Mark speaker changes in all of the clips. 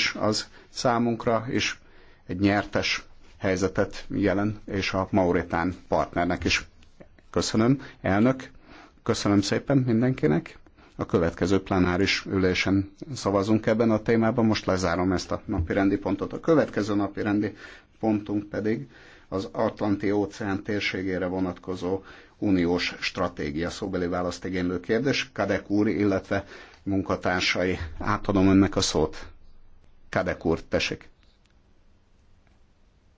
Speaker 1: és az számunkra is egy nyertes helyzetet jelen, és a Mauritán partnernek is. Köszönöm, elnök, köszönöm szépen mindenkinek. A következő plenáris ülésen szavazunk ebben a témában. Most lezárom ezt a napi rendi pontot. A következő napi rendi pontunk pedig az Atlanti óceán térségére vonatkozó uniós stratégia szóbeli igénylő kérdés. Kadek úr, illetve munkatársai, átadom önnek a szót. Kadek úr, tessék.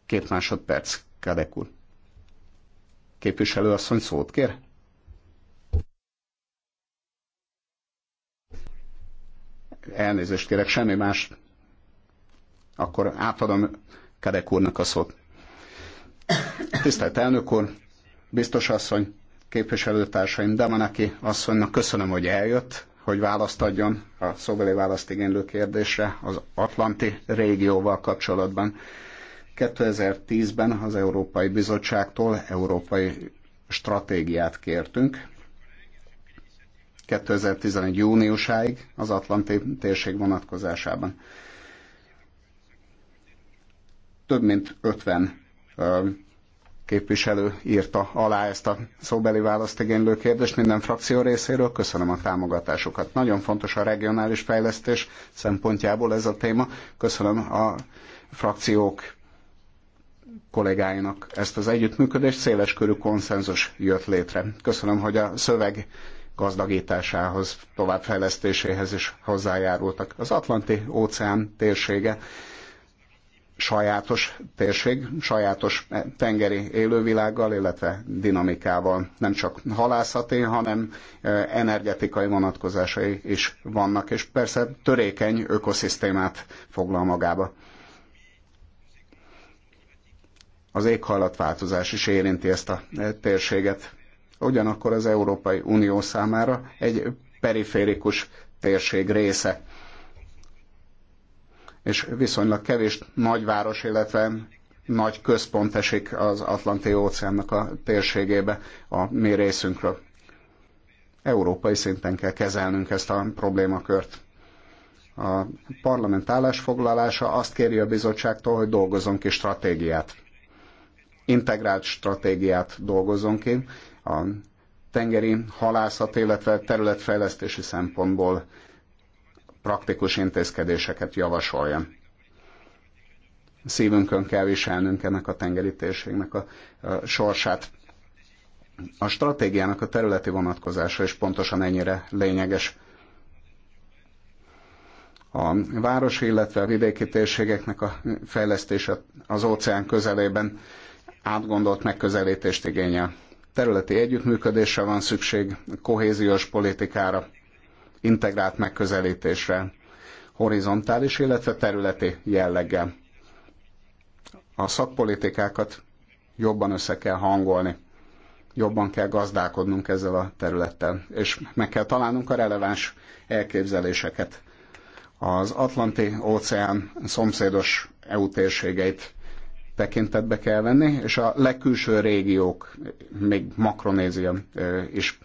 Speaker 1: Két másodperc, Kadek úr. Képviselő asszony szót kér? Elnézést kérek, semmi más. Akkor átadom Kadek úrnak a szót. Tisztelt elnök úr, biztos asszony, képviselőtársaim, Damanaki asszonynak köszönöm, hogy eljött, hogy választ adjon a szóbeli választigénylő kérdésre az Atlanti régióval kapcsolatban. 2010-ben az Európai Bizottságtól európai stratégiát kértünk. 2011. júniusáig az Atlanti térség vonatkozásában. Több mint 50 képviselő írta alá ezt a szóbeli választigénylő kérdést minden frakció részéről. Köszönöm a támogatásukat. Nagyon fontos a regionális fejlesztés szempontjából ez a téma. Köszönöm a frakciók kollégáinak ezt az együttműködést, széles körű konszenzus jött létre. Köszönöm, hogy a szöveg gazdagításához, továbbfejlesztéséhez is hozzájárultak. Az Atlanti óceán térsége sajátos térség, sajátos tengeri élővilággal, illetve dinamikával. Nem csak halászati, hanem e, energetikai vonatkozásai is vannak, és persze törékeny ökoszisztémát foglal magába. Az éghajlatváltozás is érinti ezt a e, térséget. Ugyanakkor az Európai Unió számára egy periférikus térség része és viszonylag kevés nagyváros, illetve nagy központ esik az Atlanti óceánnak a térségébe a mi részünkről. Európai szinten kell kezelnünk ezt a problémakört. A parlament állásfoglalása azt kéri a bizottságtól, hogy dolgozzon ki stratégiát. Integrált stratégiát dolgozzon ki a tengeri halászat, illetve területfejlesztési szempontból praktikus intézkedéseket javasolja. Szívünkön kell viselnünk ennek a tengeri térségnek a, a sorsát. A stratégiának a területi vonatkozása is pontosan ennyire lényeges a városi, illetve a vidéki térségeknek a fejlesztése az óceán közelében átgondolt megközelítést igényel. Területi együttműködésre van szükség, kohéziós politikára, integrált megközelítésre, horizontális, illetve területi jelleggel. A szakpolitikákat jobban össze kell hangolni, jobban kell gazdálkodnunk ezzel a területtel, és meg kell találnunk a releváns elképzeléseket. Az Atlanti óceán szomszédos EU térségeit tekintetbe kell venni, és a legkülső régiók, még Makronézia is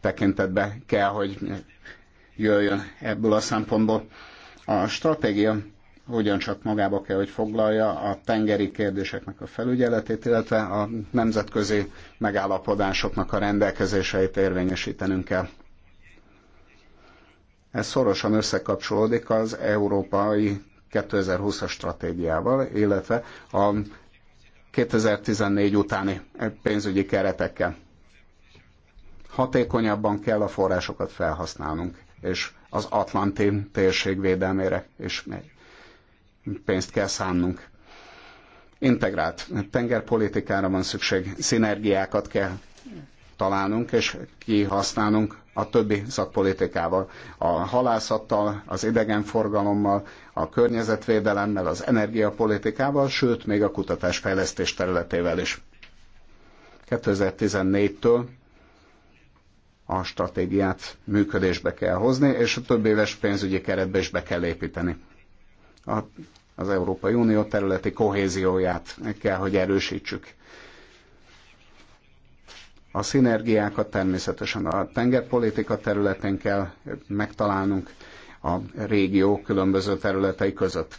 Speaker 1: tekintetbe kell, hogy jöjjön ebből a szempontból. A stratégia csak magába kell, hogy foglalja a tengeri kérdéseknek a felügyeletét, illetve a nemzetközi megállapodásoknak a rendelkezéseit érvényesítenünk kell. Ez szorosan összekapcsolódik az európai 2020-as stratégiával, illetve a 2014 utáni pénzügyi keretekkel. Hatékonyabban kell a forrásokat felhasználnunk és az Atlanti térség védelmére is pénzt kell szánnunk. Integrált tengerpolitikára van szükség, szinergiákat kell találnunk és kihasználnunk a többi szakpolitikával, a halászattal, az idegenforgalommal, a környezetvédelemmel, az energiapolitikával, sőt, még a kutatásfejlesztés területével is. 2014-től a stratégiát működésbe kell hozni, és a több éves pénzügyi keretbe is be kell építeni. A, az Európai Unió területi kohézióját kell, hogy erősítsük. A szinergiákat természetesen a tengerpolitika területén kell megtalálnunk a régió különböző területei között.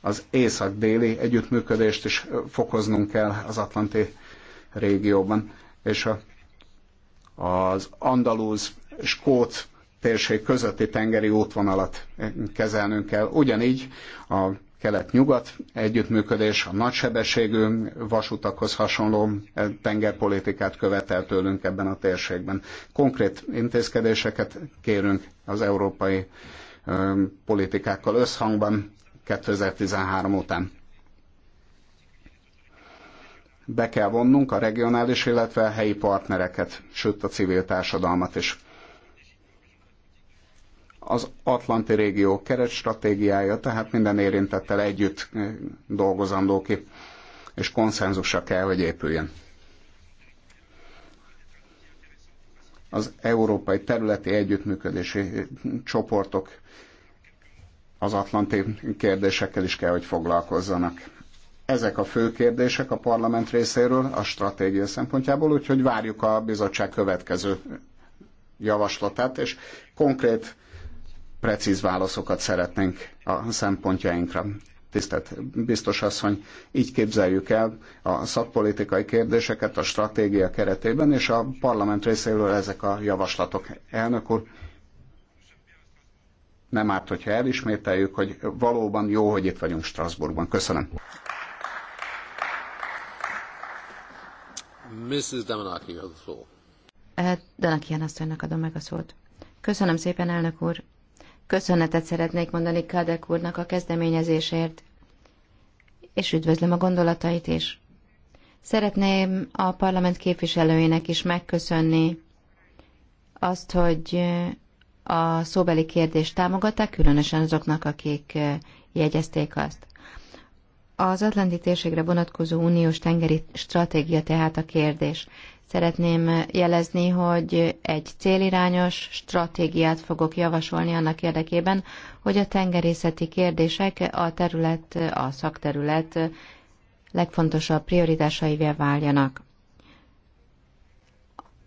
Speaker 1: Az észak-déli együttműködést is fokoznunk kell az Atlanti régióban és a, az andalúz skót térség közötti tengeri útvonalat kezelnünk kell. Ugyanígy a kelet-nyugat együttműködés a nagysebességű vasutakhoz hasonló tengerpolitikát követel tőlünk ebben a térségben. Konkrét intézkedéseket kérünk az európai politikákkal összhangban 2013 után be kell vonnunk a regionális, illetve a helyi partnereket, sőt a civil társadalmat is. Az Atlanti régió keretstratégiája tehát minden érintettel együtt eh, dolgozandó ki, és konszenzusra kell, hogy épüljön. Az európai területi együttműködési eh, csoportok az atlanti kérdésekkel is kell, hogy foglalkozzanak ezek a fő kérdések a parlament részéről a stratégia szempontjából, úgyhogy várjuk a bizottság következő javaslatát, és konkrét, precíz válaszokat szeretnénk a szempontjainkra. Tisztelt biztos asszony, így képzeljük el a szakpolitikai kérdéseket a stratégia keretében, és a parlament részéről ezek a javaslatok. Elnök úr, nem árt, hogyha elismételjük, hogy valóban jó, hogy itt vagyunk Strasbourgban. Köszönöm. Mrs.
Speaker 2: Eh, Danakian asszonynak adom meg a szót. Köszönöm szépen, elnök úr. Köszönetet szeretnék mondani Kadek úrnak a kezdeményezésért, és üdvözlöm a gondolatait is. Szeretném a parlament képviselőinek is megköszönni azt, hogy eh, a szóbeli kérdést támogatták, különösen azoknak, akik eh, jegyezték azt. Az Atlanti térségre vonatkozó uniós tengeri stratégia tehát a kérdés. Szeretném jelezni, hogy egy célirányos stratégiát fogok javasolni annak érdekében, hogy a tengerészeti kérdések a terület, a szakterület legfontosabb prioritásaivé váljanak.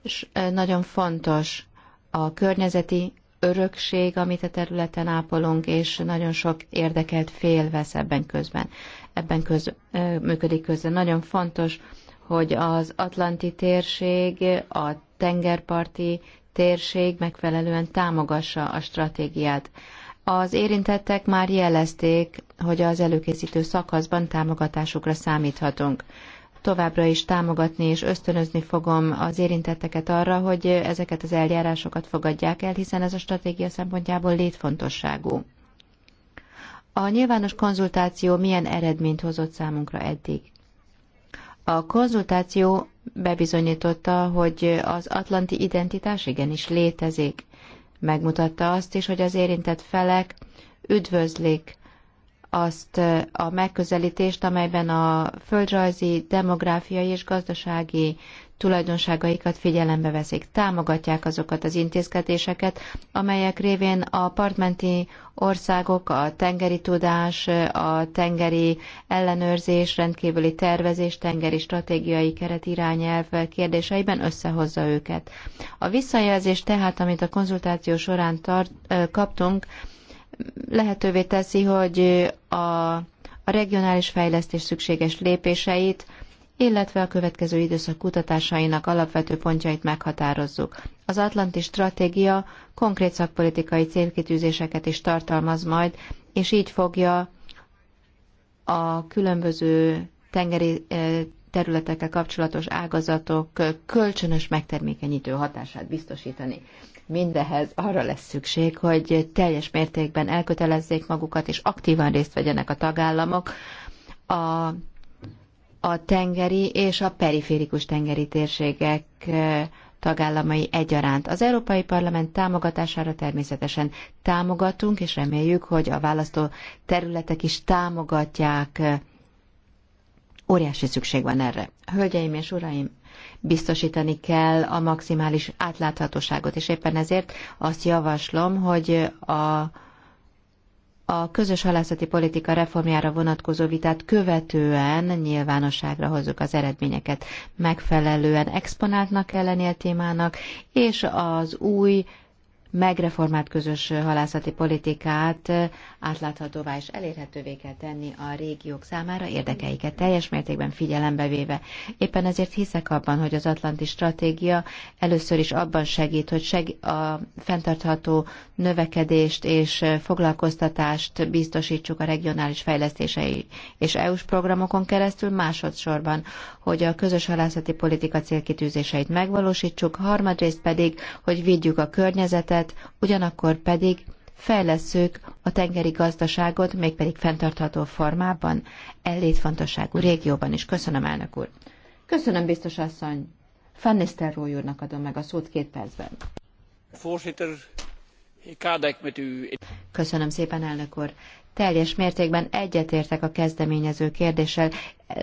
Speaker 2: És nagyon fontos a környezeti örökség, amit a területen ápolunk, és nagyon sok érdekelt fél vesz ebben közben ebben köz, működik közre. Nagyon fontos, hogy az Atlanti térség, a tengerparti térség megfelelően támogassa a stratégiát. Az érintettek már jelezték, hogy az előkészítő szakaszban támogatásukra számíthatunk. Továbbra is támogatni és ösztönözni fogom az érintetteket arra, hogy ezeket az eljárásokat fogadják el, hiszen ez a stratégia szempontjából létfontosságú. A nyilvános konzultáció milyen eredményt hozott számunkra eddig? A konzultáció bebizonyította, hogy az atlanti identitás igenis létezik. Megmutatta azt is, hogy az érintett felek üdvözlik azt a megközelítést, amelyben a földrajzi, demográfiai és gazdasági tulajdonságaikat figyelembe veszik. Támogatják azokat az intézkedéseket, amelyek révén a partmenti országok a tengeri tudás, a tengeri ellenőrzés, rendkívüli tervezés, tengeri stratégiai keret irányelv kérdéseiben összehozza őket. A visszajelzés tehát, amit a konzultáció során tart, kaptunk, lehetővé teszi, hogy a, a regionális fejlesztés szükséges lépéseit, illetve a következő időszak kutatásainak alapvető pontjait meghatározzuk. Az Atlanti Stratégia konkrét szakpolitikai célkitűzéseket is tartalmaz majd, és így fogja a különböző tengeri eh, területekkel kapcsolatos ágazatok kölcsönös megtermékenyítő hatását biztosítani. Mindehez arra lesz szükség, hogy teljes mértékben elkötelezzék magukat, és aktívan részt vegyenek a tagállamok a, a tengeri és a periférikus tengeri térségek eh, tagállamai egyaránt. Az Európai Parlament támogatására természetesen támogatunk, és reméljük, hogy a választó területek is támogatják. Óriási szükség van erre. Hölgyeim és uraim, biztosítani kell a maximális átláthatóságot, és éppen ezért azt javaslom, hogy a a közös halászati politika reformjára vonatkozó vitát követően nyilvánosságra hozzuk az eredményeket. Megfelelően exponáltnak kell lenni a témának, és az új megreformált közös halászati politikát átláthatóvá és elérhetővé kell tenni a régiók számára, érdekeiket teljes mértékben figyelembe véve. Éppen ezért hiszek abban, hogy az Atlanti Stratégia először is abban segít, hogy seg a fenntartható növekedést és foglalkoztatást biztosítsuk a regionális fejlesztései és EU-s programokon keresztül, másodszorban, hogy a közös halászati politika célkitűzéseit megvalósítsuk, harmadrészt pedig, hogy védjük a környezetet, területet, ugyanakkor pedig fejleszünk a tengeri gazdaságot, mégpedig fenntartható formában, ellétfontosságú régióban is. Köszönöm, elnök úr. Köszönöm, biztos asszony. Van úrnak adom meg a szót két percben. Köszönöm szépen, elnök úr teljes mértékben egyetértek a kezdeményező kérdéssel.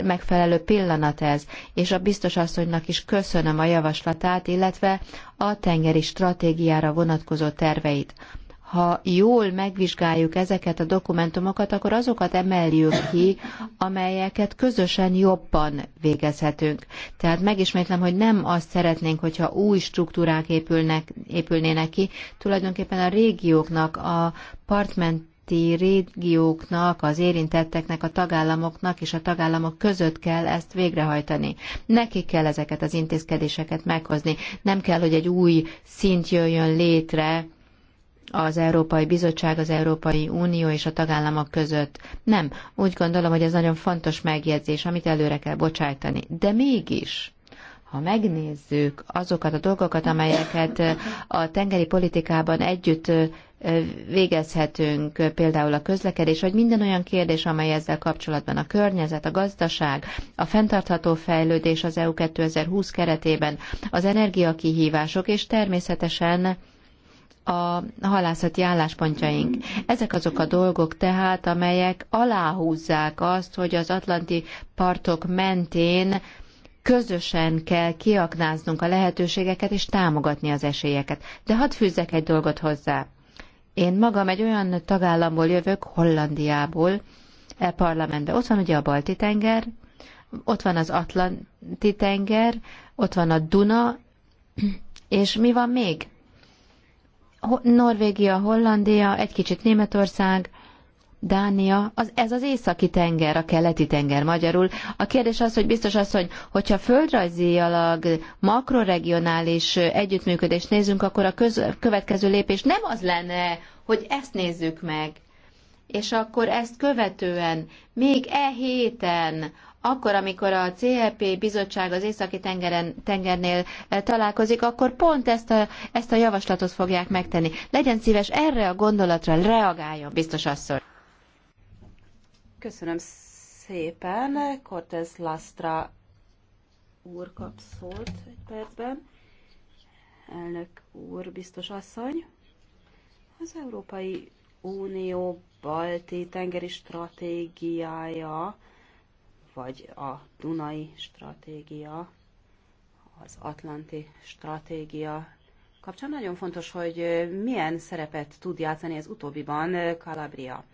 Speaker 2: Megfelelő pillanat ez, és a biztos asszonynak is köszönöm a javaslatát, illetve a tengeri stratégiára vonatkozó terveit. Ha jól megvizsgáljuk ezeket a dokumentumokat, akkor azokat emeljük ki, amelyeket közösen jobban végezhetünk. Tehát megismétlem, hogy nem azt szeretnénk, hogyha új struktúrák épülnek, épülnének ki, tulajdonképpen a régióknak, a partment keleti régióknak, az érintetteknek, a tagállamoknak és a tagállamok között kell ezt végrehajtani. Nekik kell ezeket az intézkedéseket meghozni. Nem kell, hogy egy új szint jöjjön létre az Európai Bizottság, az Európai Unió és a tagállamok között. Nem. Úgy gondolom, hogy ez nagyon fontos megjegyzés, amit előre kell bocsájtani. De mégis ha megnézzük azokat a dolgokat, amelyeket a tengeri politikában együtt végezhetünk, például a közlekedés, vagy minden olyan kérdés, amely ezzel kapcsolatban a környezet, a gazdaság, a fenntartható fejlődés az EU 2020 keretében, az energiakihívások, és természetesen a halászati álláspontjaink. Ezek azok a dolgok tehát, amelyek aláhúzzák azt, hogy az atlanti partok mentén közösen kell kiaknáznunk a lehetőségeket és támogatni az esélyeket. De hadd fűzzek egy dolgot hozzá. Én magam egy olyan tagállamból jövök, Hollandiából, e parlamentbe. Ott van ugye a Balti-tenger, ott van az Atlanti-tenger, ott van a Duna, és mi van még? Norvégia, Hollandia, egy kicsit Németország, Dánia, az, ez az északi tenger, a keleti tenger magyarul. A kérdés az, hogy biztos az, hogy hogyha alag makroregionális együttműködést nézünk, akkor a köz, következő lépés nem az lenne, hogy ezt nézzük meg, és akkor ezt követően még e héten akkor, amikor a CEP bizottság az északi tengeren, tengernél e, találkozik, akkor pont ezt a, ezt a javaslatot fogják megtenni. Legyen szíves erre a gondolatra reagáljon, biztos asszony.
Speaker 3: Köszönöm szépen. Cortez Lastra úr kap szót egy percben. Elnök úr, biztos asszony. Az Európai Unió balti tengeri stratégiája, vagy a Dunai stratégia, az Atlanti stratégia kapcsán nagyon fontos, hogy milyen szerepet tud játszani az utóbbiban Kalabria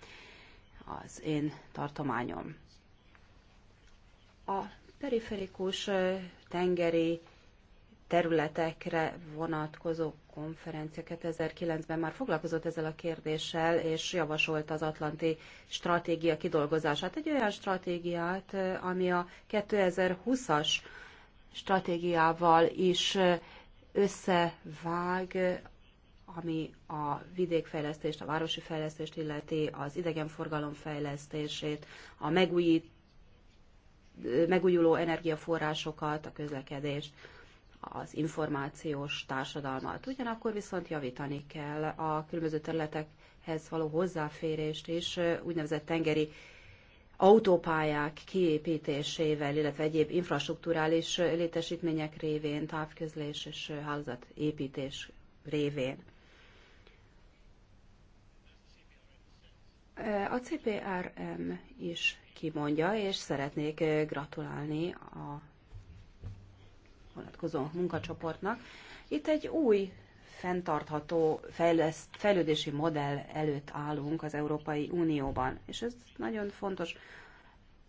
Speaker 3: az én tartományom. A periferikus tengeri területekre vonatkozó konferencia 2009-ben már foglalkozott ezzel a kérdéssel, és javasolt az Atlanti stratégia kidolgozását. Egy olyan stratégiát, ami a 2020-as stratégiával is összevág ami a vidékfejlesztést, a városi fejlesztést illeti, az idegenforgalom fejlesztését, a megújít, megújuló energiaforrásokat, a közlekedést, az információs társadalmat. Ugyanakkor viszont javítani kell a különböző területekhez való hozzáférést is, úgynevezett tengeri autópályák kiépítésével, illetve egyéb infrastruktúrális létesítmények révén, távközlés és hálózatépítés révén. A CPRM is kimondja, és szeretnék gratulálni a vonatkozó munkacsoportnak. Itt egy új fenntartható fejleszt, fejlődési modell előtt állunk az Európai Unióban, és ez nagyon fontos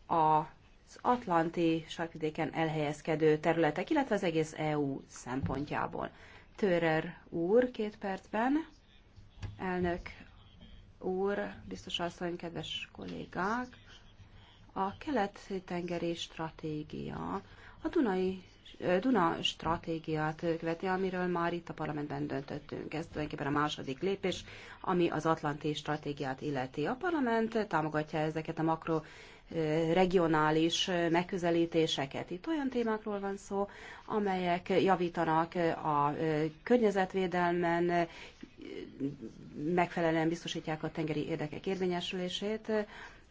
Speaker 3: az Atlanti sarkvidéken elhelyezkedő területek, illetve az egész EU szempontjából. Törer úr két percben, elnök úr, biztos asszony, kedves kollégák! A kelet-tengeri stratégia a Dunai, Duna stratégiát követi, amiről már itt a parlamentben döntöttünk. Ez tulajdonképpen a második lépés, ami az atlanti stratégiát illeti. A parlament támogatja ezeket a makro regionális megközelítéseket. Itt olyan témákról van szó, amelyek javítanak a környezetvédelmen, megfelelően biztosítják a tengeri érdekek érvényesülését,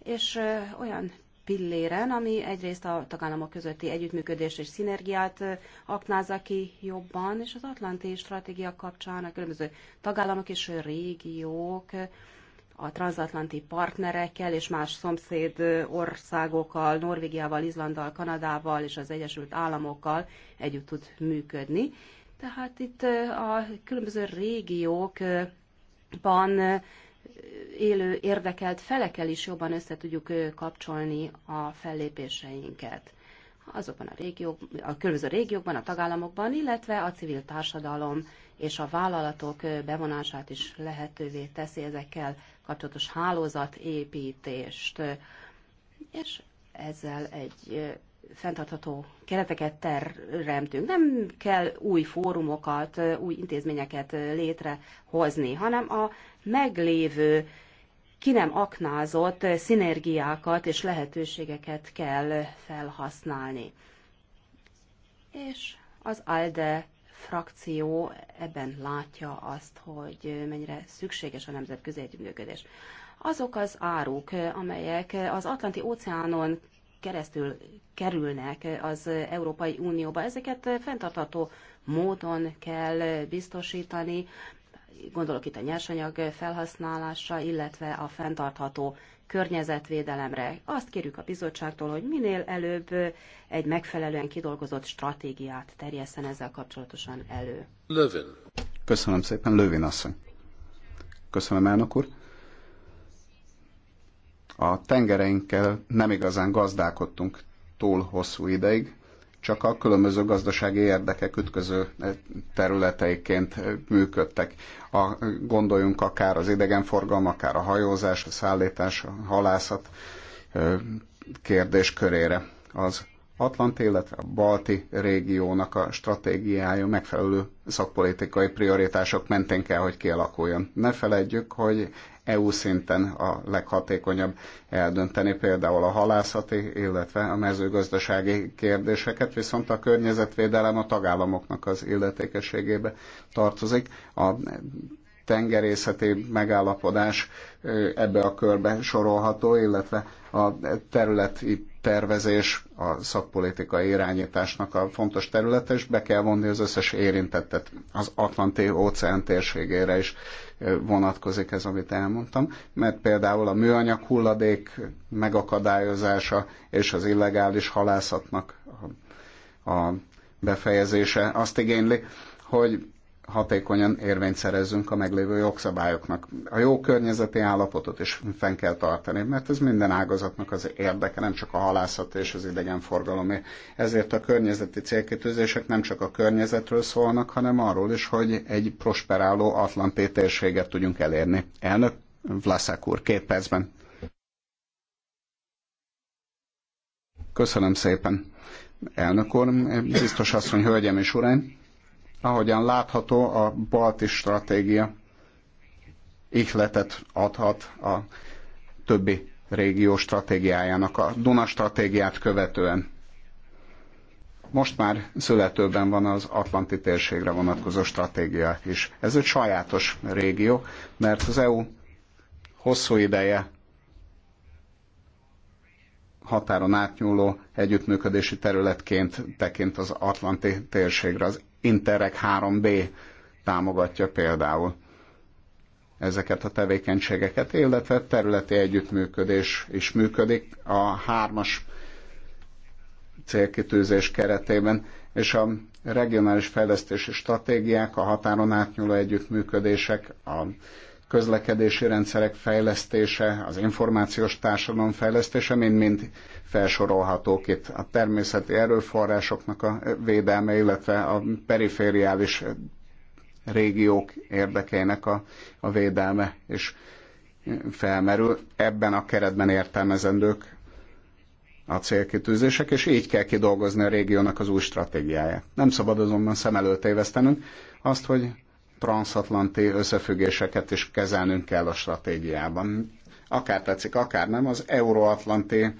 Speaker 3: és olyan pilléren, ami egyrészt a tagállamok közötti együttműködést és szinergiát aknázza ki jobban, és az atlanti stratégia kapcsán a különböző tagállamok és régiók a transatlanti partnerekkel és más szomszéd országokkal, Norvégiával, Izlanddal, Kanadával és az Egyesült Államokkal együtt tud működni. Tehát itt a különböző régiókban élő érdekelt felekkel is jobban össze tudjuk kapcsolni a fellépéseinket. Azokban a régiók, a különböző régiókban, a tagállamokban, illetve a civil társadalom és a vállalatok bevonását is lehetővé teszi ezekkel kapcsolatos hálózatépítést, és ezzel egy fenntartható kereteket teremtünk. Nem kell új fórumokat, új intézményeket létrehozni, hanem a meglévő, ki nem aknázott szinergiákat és lehetőségeket kell felhasználni. És az ALDE frakció ebben látja azt, hogy mennyire szükséges a nemzetközi együttműködés. Azok az áruk, amelyek az Atlanti óceánon keresztül kerülnek az Európai Unióba, ezeket fenntartható módon kell biztosítani, gondolok itt a nyersanyag felhasználásra, illetve a fenntartható környezetvédelemre. Azt kérjük a bizottságtól, hogy minél előbb egy megfelelően kidolgozott stratégiát terjeszen ezzel kapcsolatosan elő.
Speaker 1: Lövin. Köszönöm szépen, Lövin asszony. Köszönöm, elnök úr. A tengereinkkel nem igazán gazdálkodtunk túl hosszú ideig, csak a különböző gazdasági érdekek ütköző eh, területeiként eh, működtek. A, eh, gondoljunk akár az idegenforgalom, akár a hajózás, a szállítás, a halászat kérdéskörére. Az Atlanti, illetve a Balti régiónak a stratégiája megfelelő szakpolitikai prioritások mentén kell, hogy kialakuljon. Ne felejtjük, hogy EU szinten a leghatékonyabb eldönteni például a halászati, illetve a mezőgazdasági kérdéseket, viszont a környezetvédelem a tagállamoknak az illetékességébe tartozik. A tengerészeti megállapodás ebbe a körbe sorolható, illetve a területi tervezés a szakpolitikai irányításnak a fontos területe, és be kell vonni az összes érintettet az Atlanti óceán térségére is vonatkozik ez, amit elmondtam, mert például a műanyag hulladék megakadályozása és az illegális halászatnak a befejezése azt igényli, hogy hatékonyan érvényt szerezzünk a meglévő jogszabályoknak. A jó környezeti állapotot is fenn kell tartani, mert ez minden ágazatnak az érdeke, nem csak a halászat és az idegenforgalom. Ezért a környezeti célkitűzések nem csak a környezetről szólnak, hanem arról is, hogy egy prosperáló atlanti térséget tudjunk elérni. Elnök Vlaszák úr, két percben. Köszönöm szépen, elnök úr, biztos asszony, hölgyem és uraim Ahogyan látható, a balti stratégia ihletet adhat a többi régió stratégiájának, a Duna stratégiát követően. Most már születőben van az Atlanti térségre vonatkozó stratégia is. Ez egy sajátos régió, mert az EU hosszú ideje határon átnyúló együttműködési területként tekint az Atlanti térségre. Az Interreg 3 B támogatja például ezeket a tevékenységeket, illetve területi együttműködés is működik a hármas célkitűzés keretében, és a regionális fejlesztési stratégiák, a határon átnyúló együttműködések, a közlekedési rendszerek fejlesztése, az információs társadalom fejlesztése mind-mind felsorolhatók itt. A természeti erőforrásoknak a védelme, illetve a perifériális régiók érdekeinek a, a védelme is felmerül. Ebben a keretben értelmezendők a célkitűzések, és így kell kidolgozni a régiónak az új stratégiáját. Nem szabad azonban szem előtt évesztenünk azt, hogy transatlanti összefüggéseket is kezelnünk kell a stratégiában. Akár tetszik, akár nem, az euróatlanti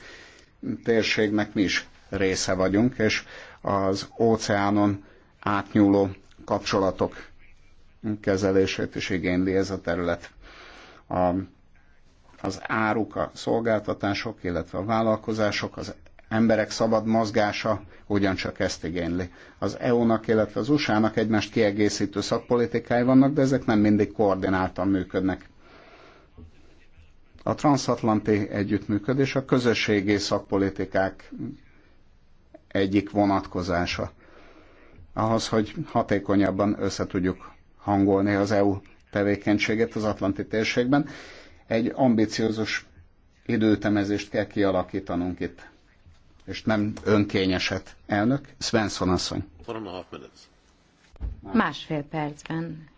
Speaker 1: térségnek mi is része vagyunk, és az óceánon átnyúló kapcsolatok kezelését is igényli ez a terület. A, az áruk, a szolgáltatások, illetve a vállalkozások az emberek szabad mozgása ugyancsak ezt igényli. Az EU-nak, illetve az USA-nak egymást kiegészítő szakpolitikái vannak, de ezek nem mindig koordináltan működnek. A transatlanti együttműködés a közösségi szakpolitikák egyik vonatkozása. Ahhoz, hogy hatékonyabban összetudjuk hangolni az EU tevékenységet az Atlanti térségben, egy ambiciózus időtemezést kell kialakítanunk itt és nem önkényeset. Elnök, Svensson asszony.
Speaker 2: Másfél percben.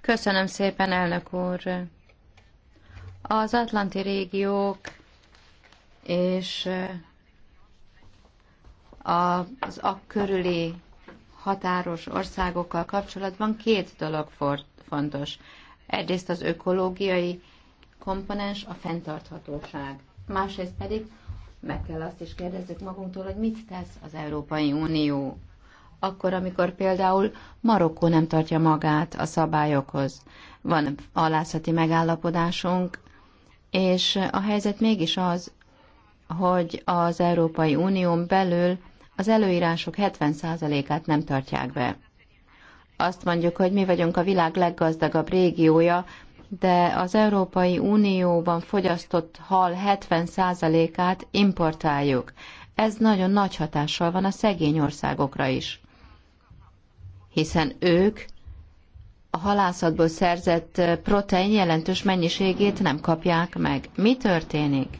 Speaker 2: Köszönöm szépen, elnök úr. Az atlanti régiók és eh, az a körüli határos országokkal kapcsolatban két dolog fontos. Egyrészt az ökológiai komponens, a fenntarthatóság. Másrészt pedig meg kell azt is kérdezzük magunktól, hogy mit tesz az Európai Unió. Akkor, amikor például Marokkó nem tartja magát a szabályokhoz. Van alászati megállapodásunk, és a helyzet mégis az, hogy az Európai Unión belül az előírások 70%-át nem tartják be. Azt mondjuk, hogy mi vagyunk a világ leggazdagabb régiója, de az Európai Unióban fogyasztott hal 70%-át importáljuk. Ez nagyon nagy hatással van a szegény országokra is, hiszen ők a halászatból szerzett protein jelentős mennyiségét nem kapják meg. Mi történik?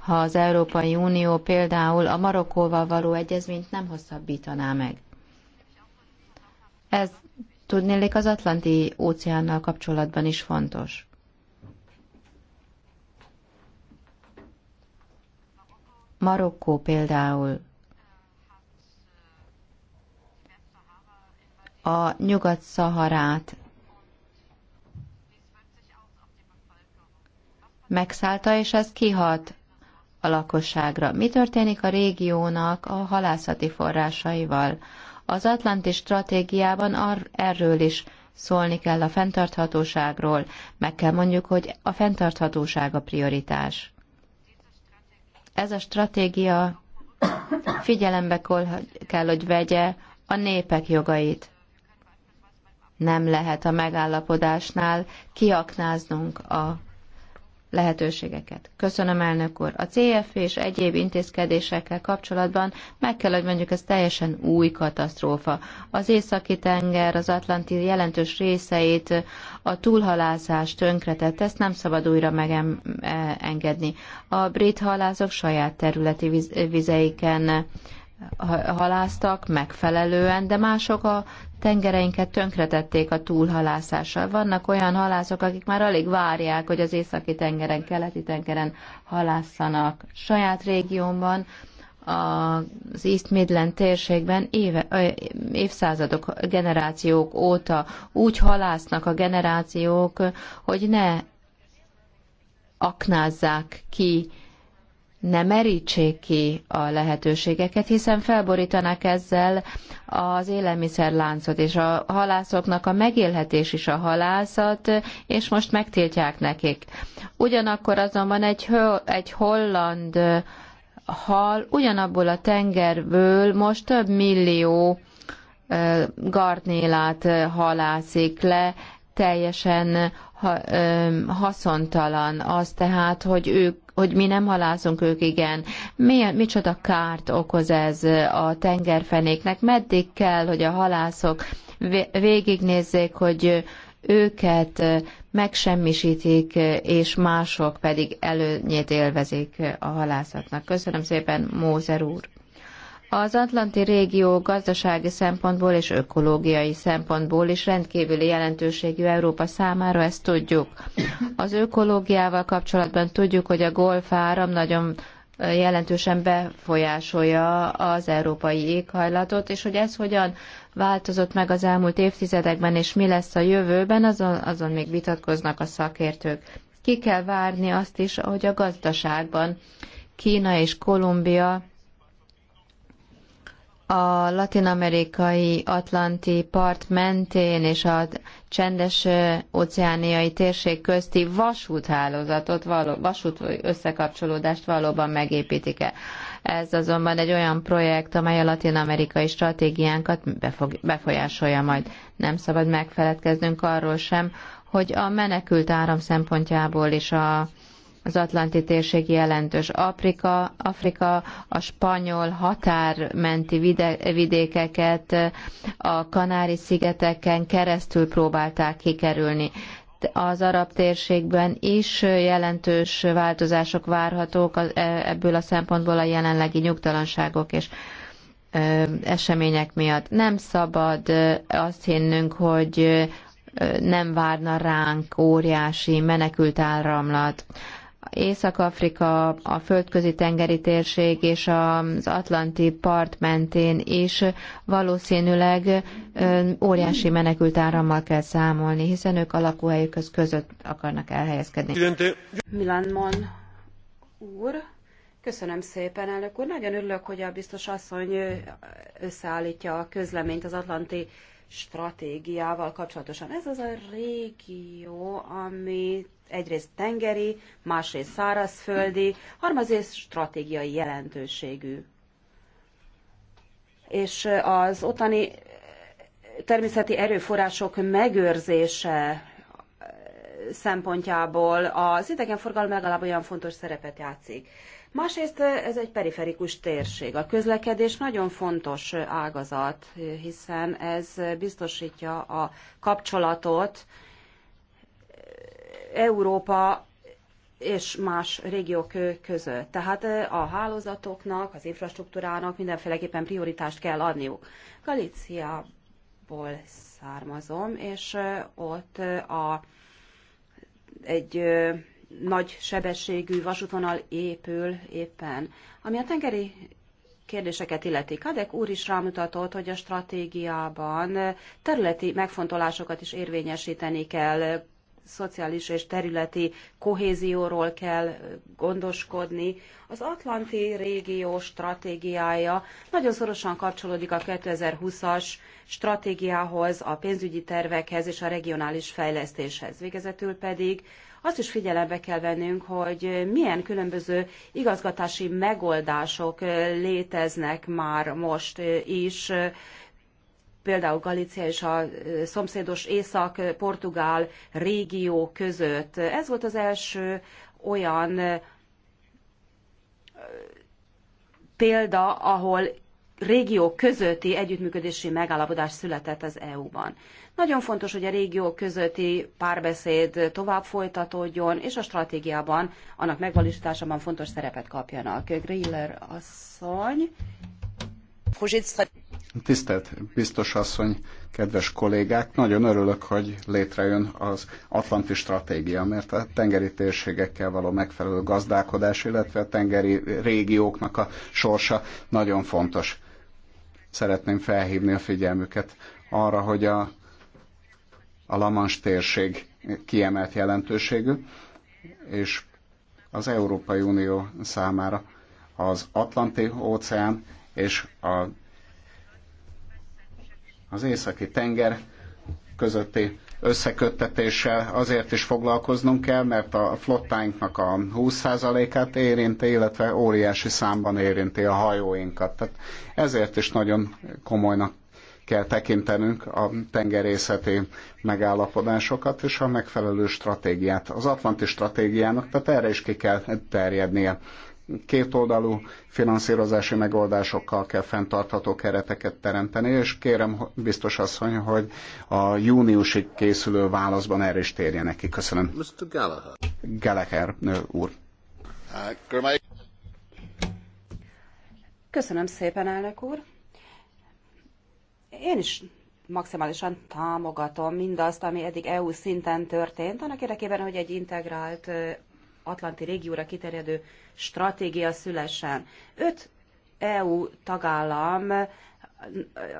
Speaker 2: ha az Európai Unió például a Marokkóval való egyezményt nem hosszabbítaná meg. Ez Tudnélek az Atlanti óceánnal kapcsolatban is fontos. Marokkó például a Nyugat-Szaharát megszállta, és ez kihat a lakosságra. Mi történik a régiónak a halászati forrásaival? Az Atlanti stratégiában ar- erről is szólni kell a fenntarthatóságról, meg kell mondjuk, hogy a fenntarthatóság a prioritás. Ez a stratégia figyelembe kell, hogy vegye a népek jogait. Nem lehet a megállapodásnál kiaknáznunk a lehetőségeket. Köszönöm, elnök úr. A CFP és egyéb intézkedésekkel kapcsolatban meg kell, hogy mondjuk ez teljesen új katasztrófa. Az északi tenger az Atlanti jelentős részeit a túlhalászás tönkretett, ezt nem szabad újra megengedni. E, a brit halászok saját területi vizeiken halásztak megfelelően, de mások a tengereinket tönkretették a túlhalászással. Vannak olyan halászok, akik már alig várják, hogy az északi tengeren, keleti tengeren halásszanak. Saját régiómban, az East Midland térségben éve, évszázadok, generációk óta úgy halásznak a generációk, hogy ne aknázzák ki ne merítsék ki a lehetőségeket, hiszen felborítanak ezzel az élelmiszerláncot, és a halászoknak a megélhetés is a halászat, és most megtiltják nekik. Ugyanakkor azonban egy, egy holland hal ugyanabból a tengerből most több millió garnélát halászik le, teljesen haszontalan az tehát, hogy ők hogy mi nem halászunk ők, igen. Mi, micsoda kárt okoz ez a tengerfenéknek? Meddig kell, hogy a halászok végignézzék, hogy őket megsemmisítik, és mások pedig előnyét élvezik a halászatnak. Köszönöm szépen, Mózer úr! Az Atlanti régió gazdasági szempontból és ökológiai szempontból is rendkívüli jelentőségű Európa számára, ezt tudjuk. Az ökológiával kapcsolatban tudjuk, hogy a golf áram nagyon jelentősen befolyásolja az európai éghajlatot, és hogy ez hogyan változott meg az elmúlt évtizedekben, és mi lesz a jövőben, azon, azon még vitatkoznak a szakértők. Ki kell várni azt is, hogy a gazdaságban Kína és Kolumbia a latinamerikai atlanti part mentén és a csendes óceániai térség közti vasúthálózatot, való, vasút összekapcsolódást valóban megépítik-e. Ez azonban egy olyan projekt, amely a latin-amerikai stratégiánkat befog, befolyásolja majd. Nem szabad megfeledkeznünk arról sem, hogy a menekült áram szempontjából is a az Atlanti térség jelentős. Afrika, Afrika a spanyol határmenti vide, vidékeket a Kanári-szigeteken keresztül próbálták kikerülni. Az arab térségben is jelentős változások várhatók e- ebből a szempontból a jelenlegi nyugtalanságok és események miatt. Nem szabad azt hinnünk, hogy nem várna ránk óriási menekült áramlat. Észak-Afrika, a földközi tengeri térség és az Atlanti part mentén is valószínűleg óriási menekült árammal kell számolni, hiszen ők a lakóhelyük között akarnak elhelyezkedni.
Speaker 3: Milan Mon úr, köszönöm szépen, elnök úr. Nagyon örülök, hogy a biztos asszony összeállítja a közleményt az Atlanti stratégiával kapcsolatosan. Ez az a régió, amit egyrészt tengeri, másrészt szárazföldi, harmadrészt stratégiai jelentőségű. És az otani természeti erőforrások megőrzése szempontjából az idegenforgalom legalább olyan fontos szerepet játszik. Másrészt ez egy periferikus térség. A közlekedés nagyon fontos ágazat, hiszen ez biztosítja a kapcsolatot Európa és más régiók között. Tehát eh, a hálózatoknak, az infrastruktúrának mindenféleképpen prioritást kell adniuk. Galíciából származom, és eh, ott eh, a, egy nagy sebességű vasútvonal épül éppen. Ami a tengeri kérdéseket illeti, Kadek úr is rámutatott, hogy a stratégiában területi megfontolásokat is érvényesíteni kell, szociális és területi kohézióról kell gondoskodni. Az Atlanti régió stratégiája nagyon szorosan kapcsolódik a 2020-as stratégiához, a pénzügyi tervekhez és a regionális fejlesztéshez. Végezetül pedig azt is figyelembe kell vennünk, hogy milyen különböző igazgatási megoldások léteznek már most is például Galícia és a szomszédos észak-portugál régió között. Ez volt az első olyan példa, ahol régió közötti együttműködési megállapodás született az EU-ban. Nagyon fontos, hogy a régió közötti párbeszéd tovább folytatódjon, és a stratégiában, annak megvalósításában fontos szerepet kapjanak. Griller asszony.
Speaker 1: Tisztelt biztos asszony, kedves kollégák, nagyon örülök, hogy létrejön az Atlanti Stratégia, mert a tengeri térségekkel való megfelelő gazdálkodás, illetve a tengeri régióknak a sorsa nagyon fontos. Szeretném felhívni a figyelmüket arra, hogy a, a Lamans térség kiemelt jelentőségű, és az Európai Unió számára az Atlanti óceán és a az északi tenger közötti összeköttetéssel azért is foglalkoznunk kell, mert a flottáinknak a 20%-át érinti, illetve óriási számban érinti a hajóinkat. Tehát ezért is nagyon komolynak kell tekintenünk a tengerészeti megállapodásokat és a megfelelő stratégiát, az Atlanti stratégiának, tehát erre is ki kell terjednie kétoldalú finanszírozási megoldásokkal kell fenntartható kereteket teremteni, és kérem biztos asszony, hogy a júniusig készülő válaszban erre is térjenek neki. Köszönöm. Mr. Gallagher. Gallagher úr.
Speaker 3: Köszönöm szépen, elnök úr. Én is maximálisan támogatom mindazt, ami eddig EU szinten történt, annak érdekében, hogy egy integrált Atlanti régióra kiterjedő stratégia szülessen. Öt EU tagállam,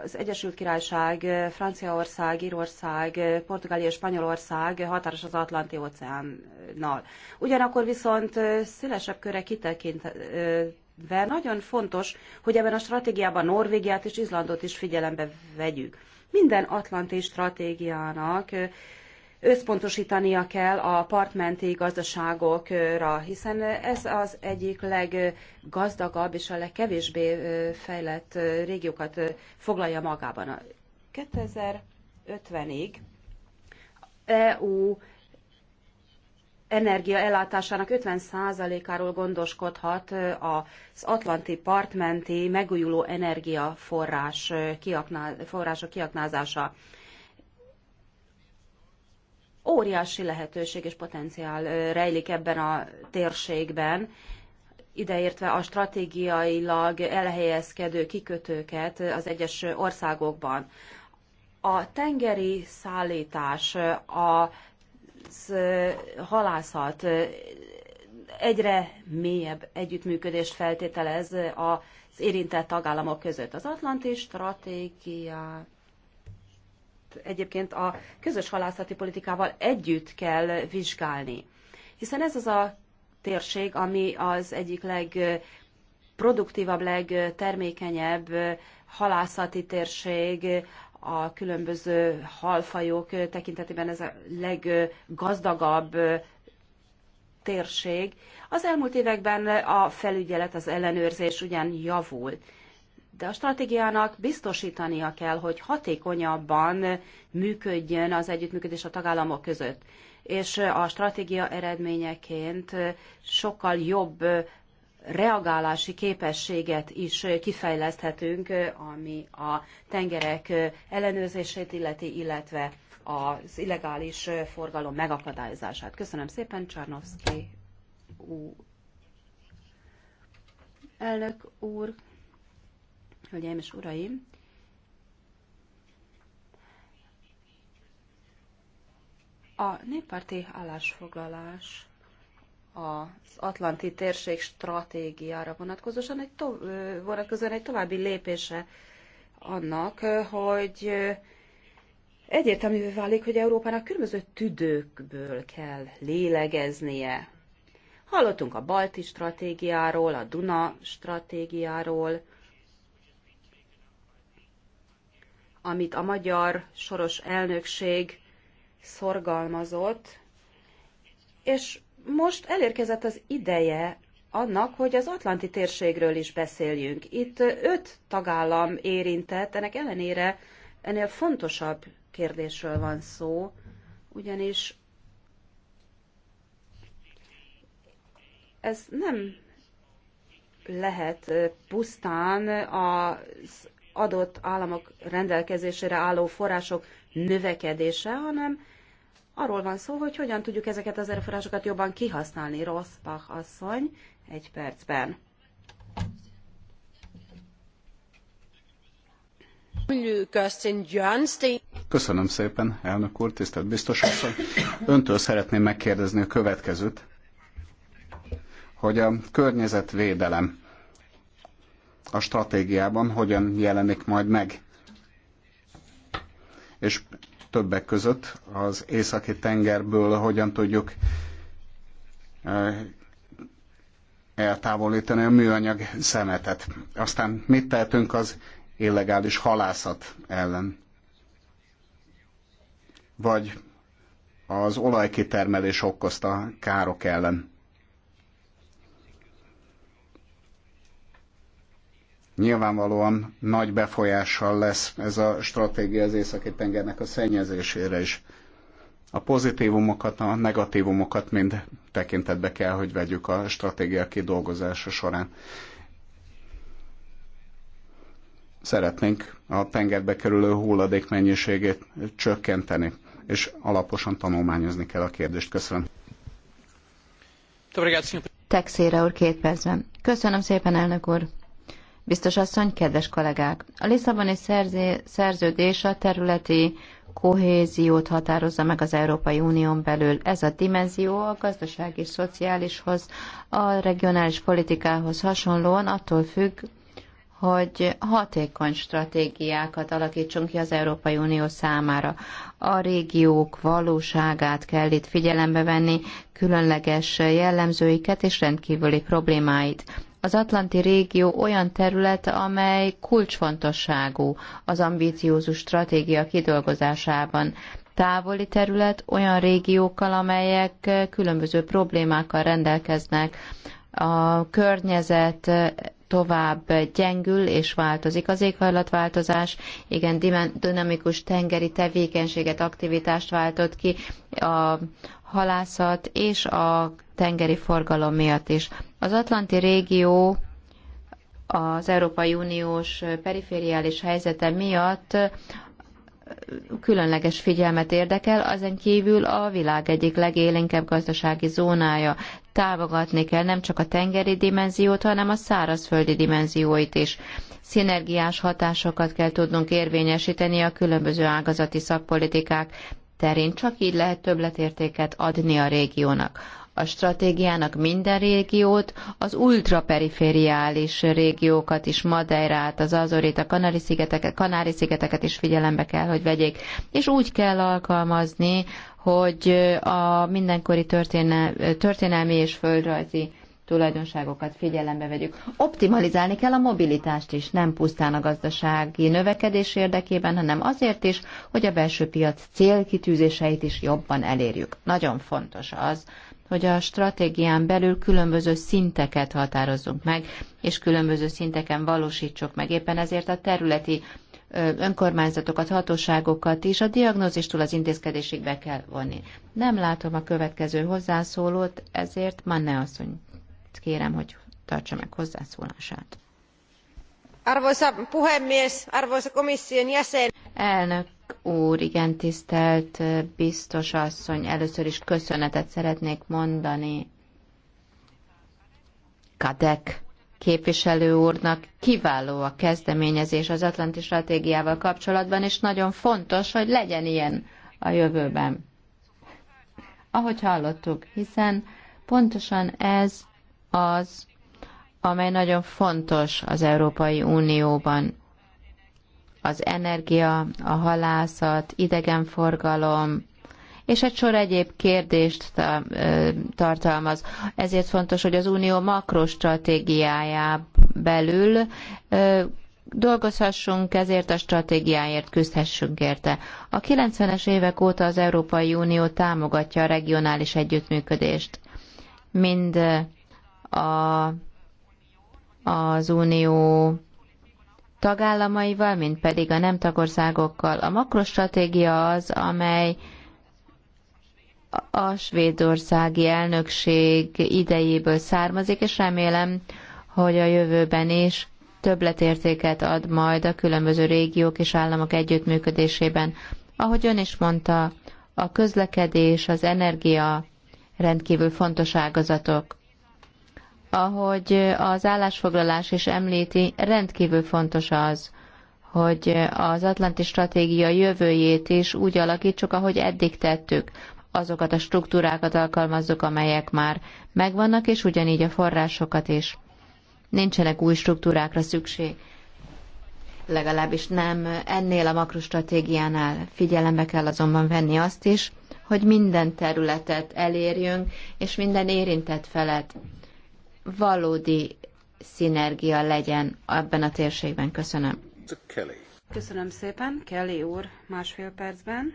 Speaker 3: az Egyesült Királyság, Franciaország, Írország, Portugália és Spanyolország határos az Atlanti óceánnal. Ugyanakkor viszont szélesebb köre kitekintve nagyon fontos, hogy ebben a stratégiában Norvégiát és Izlandot is figyelembe vegyük. Minden atlanti stratégiának összpontosítania kell a partmenti gazdaságokra, hiszen ez az egyik leggazdagabb és a legkevésbé fejlett régiókat foglalja magában. 2050-ig EU ellátásának 50%-áról gondoskodhat az Atlanti partmenti megújuló energiaforrás források kiaknázása óriási lehetőség és potenciál rejlik ebben a térségben, ideértve a stratégiailag elhelyezkedő kikötőket az egyes országokban. A tengeri szállítás, a halászat egyre mélyebb együttműködést feltételez az érintett tagállamok között. Az Atlanti stratégiát egyébként a közös halászati politikával együtt kell vizsgálni. Hiszen ez az a térség, ami az egyik legproduktívabb, legtermékenyebb halászati térség, a különböző halfajok tekintetében ez a leggazdagabb térség. Az elmúlt években a felügyelet, az ellenőrzés ugyan javult. De a stratégiának biztosítania kell, hogy hatékonyabban működjön az együttműködés a tagállamok között. És a stratégia eredményeként sokkal jobb reagálási képességet is kifejleszthetünk, ami a tengerek ellenőrzését illeti, illetve az illegális forgalom megakadályozását. Köszönöm szépen, Csarnovszki úr. Elnök úr, hölgyeim és uraim! A néppárti állásfoglalás az Atlanti térség stratégiára vonatkozóan egy, to- vonatkozóan egy további lépése annak, hogy egyértelművé válik, hogy Európának különböző tüdőkből kell lélegeznie. Hallottunk a balti stratégiáról, a Duna stratégiáról, amit a magyar soros elnökség szorgalmazott, és most elérkezett az ideje annak, hogy az Atlanti térségről is beszéljünk. Itt öt tagállam érintett, ennek ellenére ennél fontosabb kérdésről van szó, ugyanis ez nem lehet pusztán az adott államok rendelkezésére álló források növekedése, hanem arról van szó, hogy hogyan tudjuk ezeket az erőforrásokat jobban kihasználni. Rosbach asszony, egy percben.
Speaker 1: Köszönöm szépen, elnök úr, tisztelt biztos asszony. Öntől szeretném megkérdezni a következőt, hogy a környezetvédelem a stratégiában hogyan jelenik majd meg. És többek között az északi tengerből hogyan tudjuk eltávolítani a műanyag szemetet. Aztán mit tehetünk az illegális halászat ellen? Vagy az olajkitermelés okozta károk ellen? Nyilvánvalóan nagy befolyással lesz ez a stratégia az északi tengernek a szennyezésére is. A pozitívumokat, a negatívumokat mind tekintetbe kell, hogy vegyük a stratégia kidolgozása során szeretnénk a tengerbe kerülő hulladék mennyiségét csökkenteni, és alaposan tanulmányozni kell a kérdést. Köszönöm.
Speaker 2: Texére úr, két percben. Köszönöm szépen, elnök úr. Biztos asszony, kedves kollégák! A Lisszaboni szerződés a területi kohéziót határozza meg az Európai Unión belül. Ez a dimenzió a gazdaság és szociálishoz, a regionális politikához hasonlóan attól függ, hogy hatékony stratégiákat alakítsunk ki az Európai Unió számára. A régiók valóságát kell itt figyelembe venni, különleges jellemzőiket és rendkívüli problémáit. Az Atlanti régió olyan terület, amely kulcsfontosságú az ambíciózus stratégia kidolgozásában. Távoli terület olyan régiókkal, amelyek különböző problémákkal rendelkeznek. A környezet tovább gyengül és változik. Az éghajlatváltozás igen dinamikus tengeri tevékenységet, aktivitást váltott ki. A, halászat és a tengeri forgalom miatt is. Az Atlanti régió az Európai Uniós perifériális helyzete miatt különleges figyelmet érdekel, azen kívül a világ egyik legélénkebb gazdasági zónája. Távogatni kell nem csak a tengeri dimenziót, hanem a szárazföldi dimenzióit is. Szinergiás hatásokat kell tudnunk érvényesíteni a különböző ágazati szakpolitikák terén. Csak így lehet többletértéket adni a régiónak. A stratégiának minden régiót, az ultraperifériális régiókat is, Madeirát, az Azorit, a Kanári-szigeteket, Kanári-szigeteket is figyelembe kell, hogy vegyék. És úgy kell alkalmazni, hogy a mindenkori történel, történelmi és földrajzi tulajdonságokat figyelembe vegyük. Optimalizálni kell a mobilitást is, nem pusztán a gazdasági növekedés érdekében, hanem azért is, hogy a belső piac célkitűzéseit is jobban elérjük. Nagyon fontos az, hogy a stratégián belül különböző szinteket határozzunk meg, és különböző szinteken valósítsuk meg. Éppen ezért a területi önkormányzatokat, hatóságokat is a diagnózistól az intézkedésig be kell vonni. Nem látom a következő hozzászólót, ezért Manne asszony kérem, hogy tartsa meg hozzászólását.
Speaker 3: Arvoisa puhemies, arvoisa komission jäsen.
Speaker 2: Elnök úr, igen tisztelt biztos asszony, először is köszönetet szeretnék mondani Kadek képviselő úrnak kiváló a kezdeményezés az Atlanti stratégiával kapcsolatban, és nagyon fontos, hogy legyen ilyen a jövőben. Ahogy hallottuk, hiszen pontosan ez az, amely nagyon fontos az Európai Unióban. Az energia, a halászat, idegenforgalom, és egy sor egyéb kérdést tartalmaz. Ezért fontos, hogy az Unió makrostratégiájá belül dolgozhassunk ezért a stratégiáért, küzdhessünk érte. A 90-es évek óta az Európai Unió támogatja a regionális együttműködést. Mind a, az unió tagállamaival, mint pedig a nem tagországokkal. A makrostratégia az, amely a svédországi elnökség idejéből származik, és remélem, hogy a jövőben is többletértéket ad majd a különböző régiók és államok együttműködésében. Ahogy ön is mondta, a közlekedés, az energia rendkívül fontos ágazatok ahogy az állásfoglalás is említi, rendkívül fontos az, hogy az Atlanti Stratégia jövőjét is úgy alakítsuk, ahogy eddig tettük. Azokat a struktúrákat alkalmazzuk, amelyek már megvannak, és ugyanígy a forrásokat is. Nincsenek új struktúrákra szükség. Legalábbis nem ennél a makrostratégiánál. Figyelembe kell azonban venni azt is, hogy minden területet elérjünk, és minden érintett felet valódi szinergia legyen ebben a térségben. Köszönöm.
Speaker 3: Köszönöm szépen. Kelly úr, másfél percben.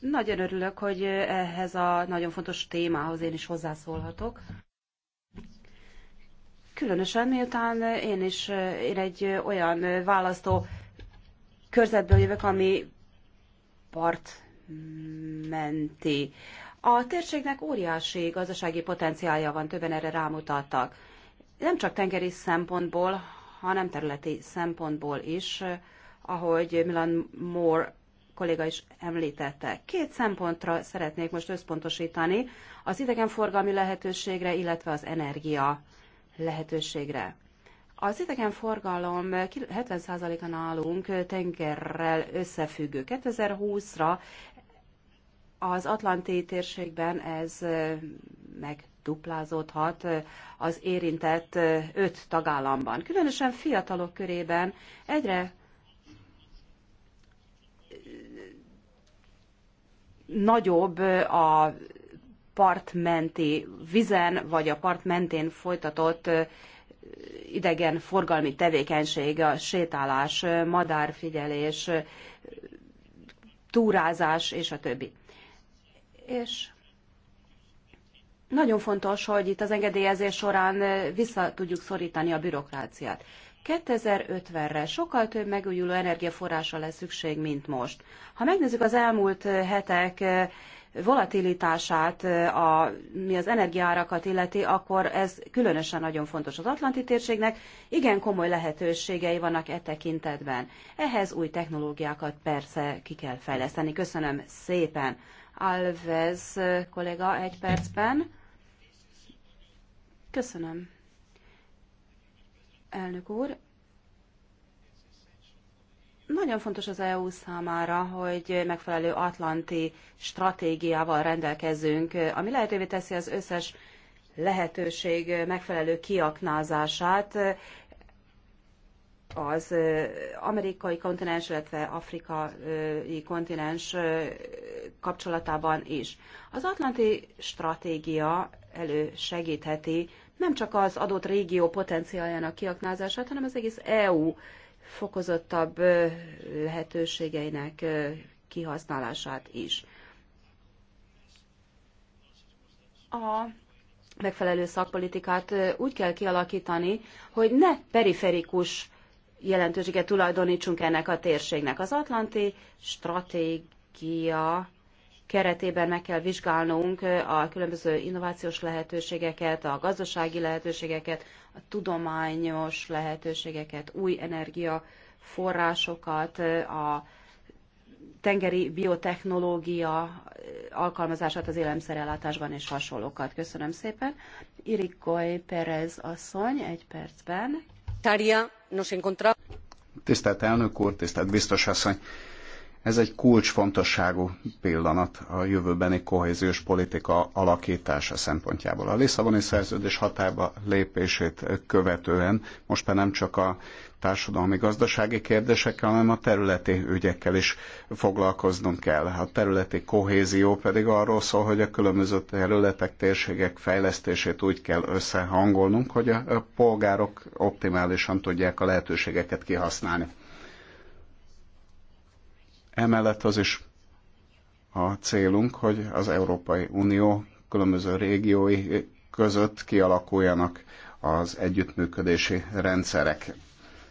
Speaker 3: Nagyon örülök, hogy ehhez a nagyon fontos témához én is hozzászólhatok. Különösen miután én is én egy olyan választó körzetből jövök, ami partmenti. A térségnek óriási gazdasági potenciálja van, többen erre rámutattak. Nem csak tengeri szempontból, hanem területi szempontból is, eh, ahogy Milan Moore kolléga is említette. Két szempontra szeretnék most összpontosítani, az idegenforgalmi lehetőségre, illetve az energia lehetőségre. Az idegenforgalom 70%-a nálunk tengerrel összefüggő. 2020-ra az Atlanti térségben ez megduplázódhat az érintett öt tagállamban. Különösen fiatalok körében egyre nagyobb a partmenti vizen, vagy a part mentén folytatott idegen forgalmi tevékenység, a sétálás, madárfigyelés, túrázás és a többi és nagyon fontos, hogy itt az engedélyezés során vissza tudjuk szorítani a bürokráciát. 2050-re sokkal több megújuló energiaforrásra lesz szükség, mint most. Ha megnézzük az elmúlt hetek volatilitását, a, mi az energiárakat illeti, akkor ez különösen nagyon fontos az Atlanti térségnek. Igen komoly lehetőségei vannak e tekintetben. Ehhez új technológiákat persze ki kell fejleszteni. Köszönöm szépen! Alvez kollega egy percben. Köszönöm. Elnök úr, nagyon fontos az EU számára, hogy megfelelő atlanti stratégiával rendelkezünk, ami lehetővé teszi az összes lehetőség megfelelő kiaknázását, az amerikai kontinens, illetve afrikai kontinens kapcsolatában is. Az atlanti stratégia elősegítheti nem csak az adott régió potenciáljának kiaknázását, hanem az egész EU fokozottabb lehetőségeinek kihasználását is. A megfelelő szakpolitikát úgy kell kialakítani, hogy ne periferikus jelentőséget tulajdonítsunk ennek a térségnek. Az Atlanti stratégia keretében meg kell vizsgálnunk a különböző innovációs lehetőségeket, a gazdasági lehetőségeket, a tudományos lehetőségeket, új energiaforrásokat, a tengeri biotechnológia alkalmazását az élelmiszerellátásban és hasonlókat. Köszönöm szépen. Irigoy Perez asszony, egy percben. Tária nos encontramos.
Speaker 1: Tisztelt elnök úr, tisztelt biztos asszony! Ez egy kulcsfontosságú pillanat a jövőbeni kohéziós politika alakítása szempontjából. A Lisszaboni szerződés hatába lépését követően most már nem csak a társadalmi gazdasági kérdésekkel, hanem a területi ügyekkel is foglalkoznunk kell. A területi kohézió pedig arról szól, hogy a különböző területek, térségek fejlesztését úgy kell összehangolnunk, hogy a polgárok optimálisan tudják a lehetőségeket kihasználni. Emellett az is a célunk, hogy az Európai Unió különböző régiói között kialakuljanak az együttműködési rendszerek.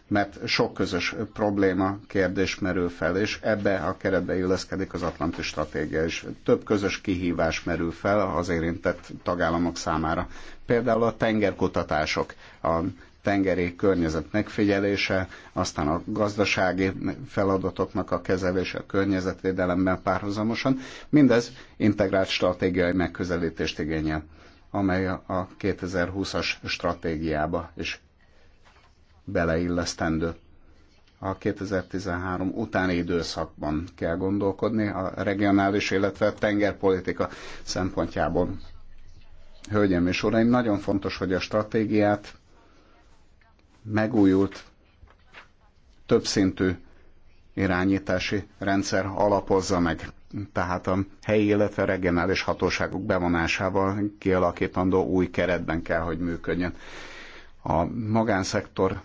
Speaker 1: Mert sok közös probléma, kérdés merül fel, és ebbe a keretbe illeszkedik az Atlanti Stratégia, és több közös kihívás merül fel az érintett tagállamok számára. Például a tengerkutatások, a tengeri környezet megfigyelése, aztán a gazdasági feladatoknak a kezelése a környezetvédelemben párhuzamosan. Mindez integrált stratégiai megközelítést igényel, amely a 2020-as stratégiába is beleillesztendő a 2013 utáni időszakban kell gondolkodni a regionális, illetve a tengerpolitika szempontjából. Hölgyeim és uraim, nagyon fontos, hogy a stratégiát megújult többszintű irányítási rendszer alapozza meg. Tehát a helyi, illetve regionális hatóságok bevonásával kialakítandó új keretben kell, hogy működjön. A magánszektor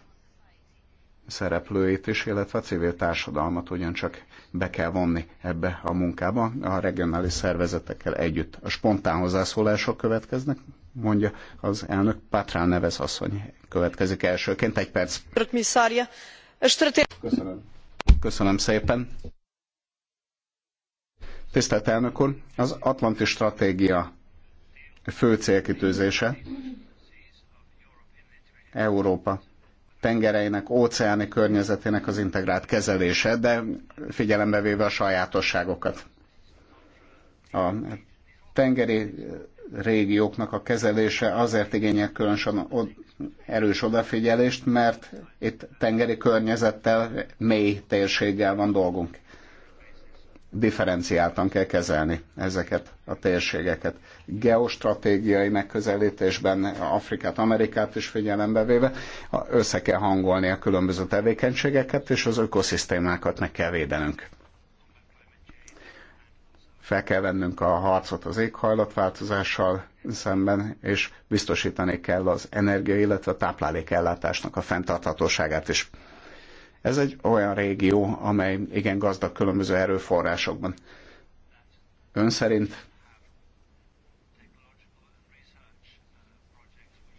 Speaker 1: szereplőit is, illetve a civil társadalmat ugyancsak be kell vonni ebbe a munkába, a regionális szervezetekkel együtt. A spontán hozzászólások következnek mondja az elnök. Patrán nevez asszony következik elsőként. Egy perc. Köszönöm. Köszönöm szépen. Tisztelt elnök úr, az Atlanti Stratégia fő célkitűzése Európa tengereinek, óceáni környezetének az integrált kezelése, de figyelembe véve a sajátosságokat. A tengeri régióknak a kezelése azért igényel különösen erős odafigyelést, mert itt tengeri környezettel, mély térséggel van dolgunk. Differenciáltan kell kezelni ezeket a térségeket. Geostratégiai megközelítésben Afrikát, Amerikát is figyelembe véve össze kell hangolni a különböző tevékenységeket, és az ökoszisztémákat meg kell védenünk fel kell vennünk a harcot az éghajlatváltozással szemben, és biztosítani kell az energia, illetve a táplálékellátásnak a fenntarthatóságát is. Ez egy olyan régió, amely igen gazdag különböző erőforrásokban. Ön szerint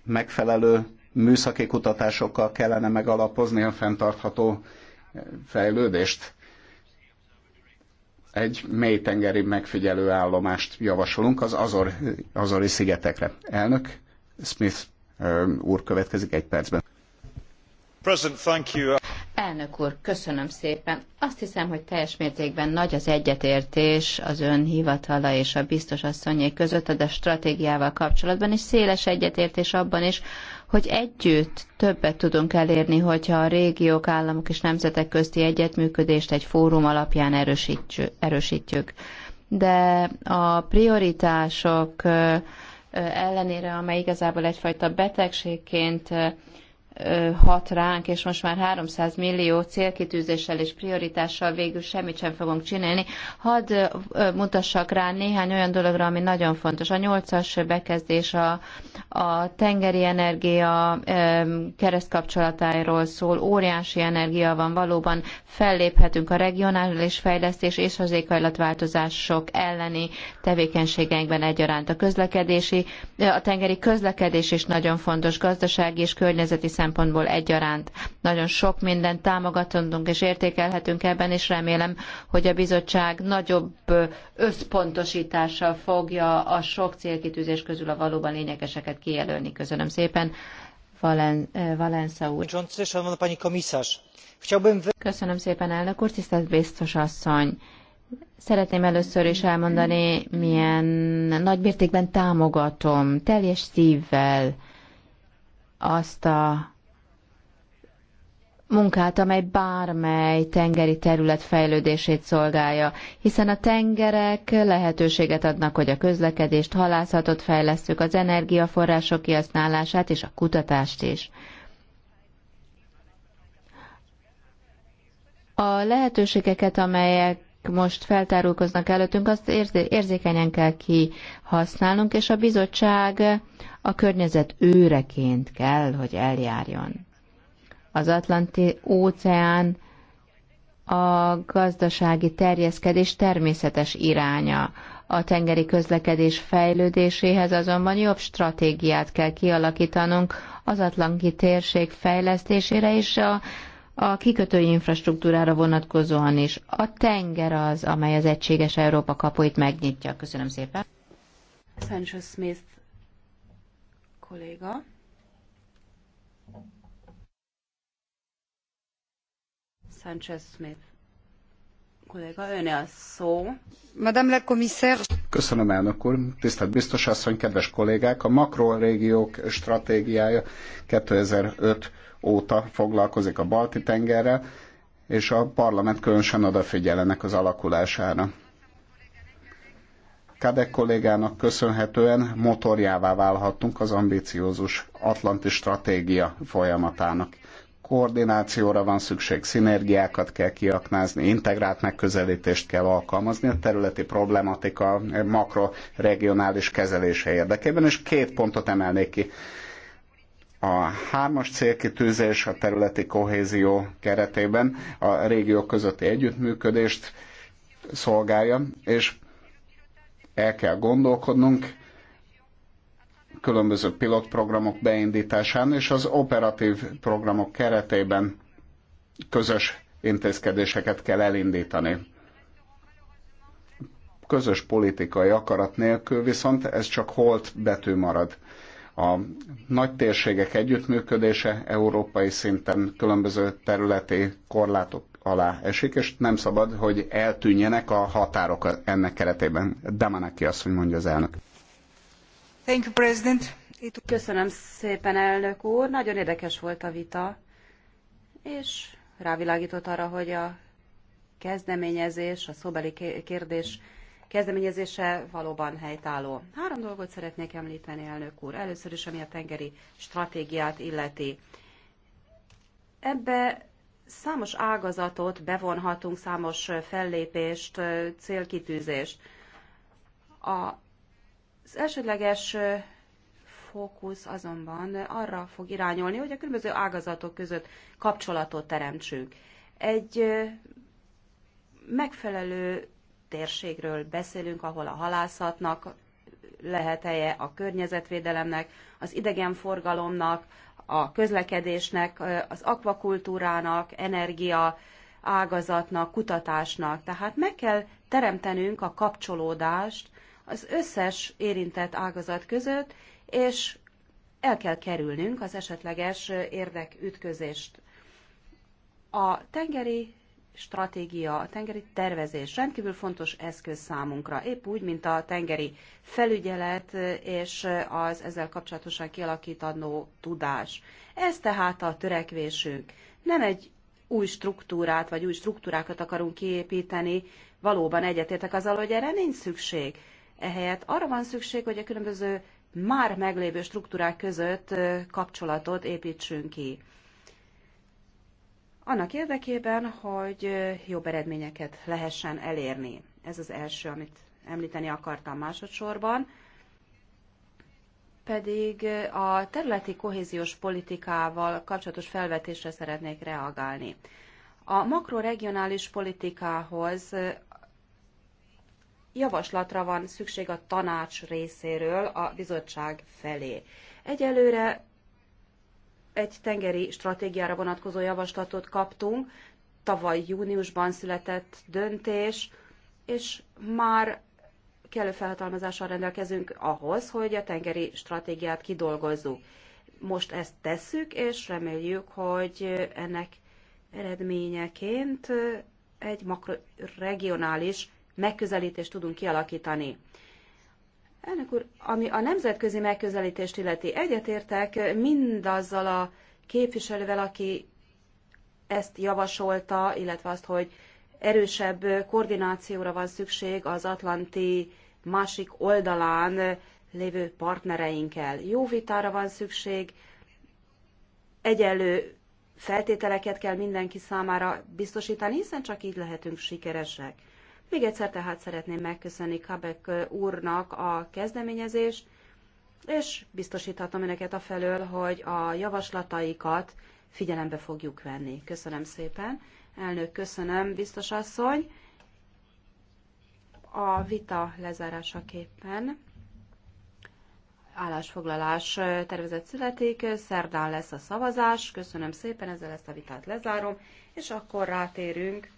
Speaker 1: megfelelő műszaki kutatásokkal kellene megalapozni a fenntartható fejlődést? egy mélytengeri megfigyelő állomást javasolunk az Azor, Azori szigetekre. Elnök Smith úr következik egy percben. President, thank you.
Speaker 2: Elnök úr, köszönöm szépen. Azt hiszem, hogy teljes mértékben nagy az egyetértés az ön hivatala és a biztos asszonyé között, de a stratégiával kapcsolatban, is széles egyetértés abban is, hogy együtt többet tudunk elérni, hogyha a régiók, államok és nemzetek közti egyetműködést egy fórum alapján erősítjük. De a prioritások ellenére, amely igazából egyfajta betegségként hat ránk, és most már 300 millió célkitűzéssel és prioritással végül semmit sem fogunk csinálni. Hadd mutassak rá néhány olyan dologra, ami nagyon fontos. A nyolcas bekezdés a, a tengeri energia keresztkapcsolatáról szól. Óriási energia van valóban. Felléphetünk a regionális fejlesztés és az éghajlatváltozások elleni tevékenységeinkben egyaránt. A közlekedési, a tengeri közlekedés is nagyon fontos gazdasági és környezeti szempontból szempontból egyaránt. Nagyon sok mindent támogatunk és értékelhetünk ebben, és remélem, hogy a bizottság nagyobb összpontosítással fogja a sok célkitűzés közül a valóban lényegeseket kijelölni. Köszönöm szépen. Valensa eh, úr. Köszönöm szépen, elnök úr, tisztelt biztos asszony. Szeretném először is elmondani, milyen nagy mértékben támogatom, teljes szívvel azt a munkát, amely bármely tengeri terület fejlődését szolgálja, hiszen a tengerek lehetőséget adnak, hogy a közlekedést, halászatot fejlesztjük, az energiaforrások kihasználását és a kutatást is. A lehetőségeket, amelyek most feltárulkoznak előttünk, azt érzékenyen kell kihasználnunk, és a bizottság a környezet őreként kell, hogy eljárjon az Atlanti óceán a gazdasági terjeszkedés természetes iránya. A tengeri közlekedés fejlődéséhez azonban jobb stratégiát kell kialakítanunk az Atlanti térség fejlesztésére és a, a kikötői infrastruktúrára vonatkozóan is. A tenger az, amely az egységes Európa kapuit megnyitja. Köszönöm szépen.
Speaker 3: Sancho Smith kolléga. Sánchez Smith kolléga, öné a szó. Madame la commissaire.
Speaker 1: Köszönöm, elnök úr. Tisztelt biztos asszony, kedves kollégák! A makrorégiók stratégiája 2005 óta foglalkozik a balti tengerrel, és a parlament különösen odafigyel ennek az alakulására. Kadek kollégának köszönhetően motorjává válhattunk az ambiciózus Atlanti stratégia folyamatának koordinációra van szükség, szinergiákat kell kiaknázni, integrált megközelítést kell alkalmazni a területi problematika eh, makroregionális kezelése érdekében, és két pontot emelnék ki. A hármas célkitűzés a területi kohézió keretében a régiók közötti együttműködést szolgálja, és el kell gondolkodnunk különböző pilotprogramok beindításán és az operatív programok keretében közös intézkedéseket kell elindítani. Közös politikai akarat nélkül viszont ez csak holt betű marad. A nagy térségek együttműködése európai szinten különböző területi korlátok alá esik, és nem szabad, hogy eltűnjenek a határok ennek keretében. Demanaki azt, hogy mondja az elnök.
Speaker 3: Köszönöm szépen, elnök úr. Nagyon érdekes volt a vita, és rávilágított arra, hogy a kezdeményezés, a szóbeli kérdés kezdeményezése valóban helytálló. Három dolgot szeretnék említeni, elnök úr. Először is, ami a tengeri stratégiát illeti. Ebbe számos ágazatot bevonhatunk, számos fellépést, célkitűzést. A az elsődleges fókusz azonban arra fog irányolni, hogy a különböző ágazatok között kapcsolatot teremtsünk. Egy megfelelő térségről beszélünk, ahol a halászatnak lehet helye, a környezetvédelemnek, az idegenforgalomnak, a közlekedésnek, az akvakultúrának, energia ágazatnak, kutatásnak. Tehát meg kell teremtenünk a kapcsolódást az összes érintett ágazat között, és el kell kerülnünk az esetleges érdekütközést. A tengeri stratégia, a tengeri tervezés rendkívül fontos eszköz számunkra, épp úgy, mint a tengeri felügyelet és az ezzel kapcsolatosan kialakítandó tudás. Ez tehát a törekvésünk. Nem egy új struktúrát, vagy új struktúrákat akarunk kiépíteni, valóban egyetértek azzal, hogy erre nincs szükség. Ehelyett arra van szükség, hogy a különböző már meglévő struktúrák között kapcsolatot építsünk ki. Annak érdekében, hogy jobb eredményeket lehessen elérni. Ez az első, amit említeni akartam másodszorban, pedig a területi kohéziós politikával kapcsolatos felvetésre szeretnék reagálni. A makroregionális politikához javaslatra van szükség a tanács részéről a bizottság felé. Egyelőre egy tengeri stratégiára vonatkozó javaslatot kaptunk, tavaly júniusban született döntés, és már kellő felhatalmazással rendelkezünk ahhoz, hogy a tengeri stratégiát kidolgozzuk. Most ezt tesszük, és reméljük, hogy ennek eredményeként egy makroregionális megközelítést tudunk kialakítani. Elnök úr, ami a nemzetközi megközelítést illeti, egyetértek mindazzal a képviselővel, aki ezt javasolta, illetve azt, hogy erősebb koordinációra van szükség az Atlanti másik oldalán lévő partnereinkkel. Jó vitára van szükség, egyenlő feltételeket kell mindenki számára biztosítani, hiszen csak így lehetünk sikeresek. Még egyszer tehát szeretném megköszönni Kabek úrnak a kezdeményezést, és biztosíthatom önöket a felől, hogy a javaslataikat figyelembe fogjuk venni. Köszönöm szépen. Elnök, köszönöm, biztos asszony. A vita lezárásaképpen állásfoglalás tervezet születik, szerdán lesz a szavazás. Köszönöm szépen, ezzel ezt a vitát lezárom, és akkor rátérünk